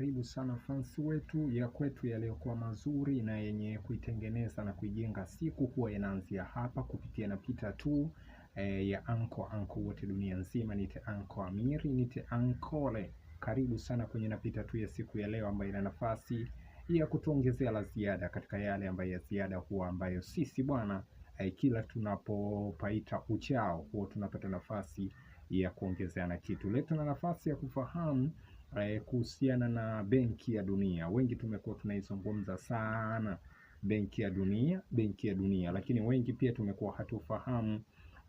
karibu sana fans wetu ya kwetu yaliyokuwa mazuri na yenye kuitengeneza na kuijenga siku huwa yanaanzia hapa kupitia napita tu e, ya anko anko wote dunia nzima, nite anko Amiri, nite ankole. Karibu sana kwenye napita tu ya siku ya leo ambayo ina nafasi ya kutuongezea la ziada katika yale ambayo ya ziada huwa ambayo sisi bwana e, kila tunapopaita uchao huwa tunapata nafasi ya kuongezeana kitu. Leo tuna nafasi ya kufahamu eh, kuhusiana na Benki ya Dunia. Wengi tumekuwa tunaizungumza sana Benki ya Dunia, Benki ya Dunia, lakini wengi pia tumekuwa hatufahamu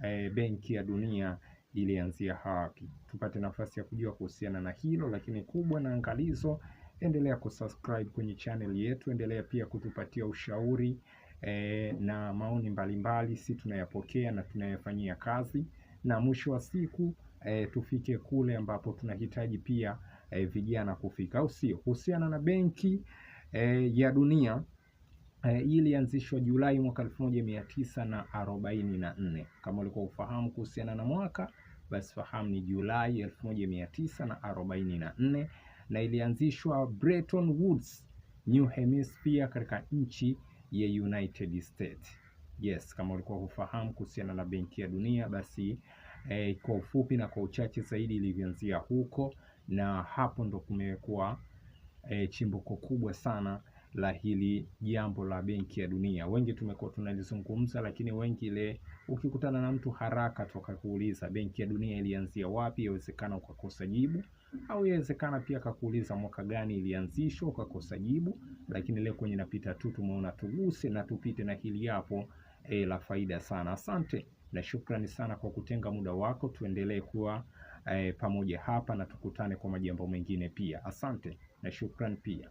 eh, Benki ya Dunia ilianzia hapi. Tupate nafasi ya kujua kuhusiana na hilo, lakini kubwa na angalizo, endelea kusubscribe kwenye channel yetu, endelea pia kutupatia ushauri e, na maoni mbalimbali, si tunayapokea na tunayafanyia kazi, na mwisho wa siku e, tufike kule ambapo tunahitaji pia e, vijana kufika, au sio? Kuhusiana na benki e, ya dunia e, ilianzishwa Julai mwaka elfu moja mia tisa na arobaini na nne. Kama ulikuwa ufahamu kuhusiana na mwaka basi fahamu ni Julai elfu moja mia tisa na arobaini na nne na ilianzishwa Bretton Woods, New Hemisphere katika nchi ya United States. Yes, kama ulikuwa hufahamu kuhusiana na benki ya dunia basi eh, kwa ufupi na kwa uchache zaidi ilivyoanzia huko, na hapo ndo kumekuwa eh, chimbuko kubwa sana la hili jambo la Benki ya Dunia. Wengi tumekuwa tunalizungumza, lakini wengi ile ukikutana na mtu haraka toka kuuliza Benki ya Dunia ilianzia wapi, yawezekana ukakosa jibu, au yawezekana pia kakuuliza mwaka gani ilianzishwa ukakosa jibu, lakini leo kwenye napita tu tumeona tuguse na tupite na hili hapo e, la faida sana. Asante na shukrani sana kwa kutenga muda wako. Tuendelee kuwa e, pamoja hapa na tukutane kwa majambo mengine pia. Asante na shukrani pia.